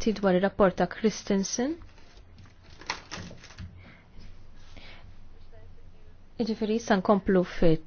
ti dwar il-rapport ta' Christensen. Iġifiri, san komplu fit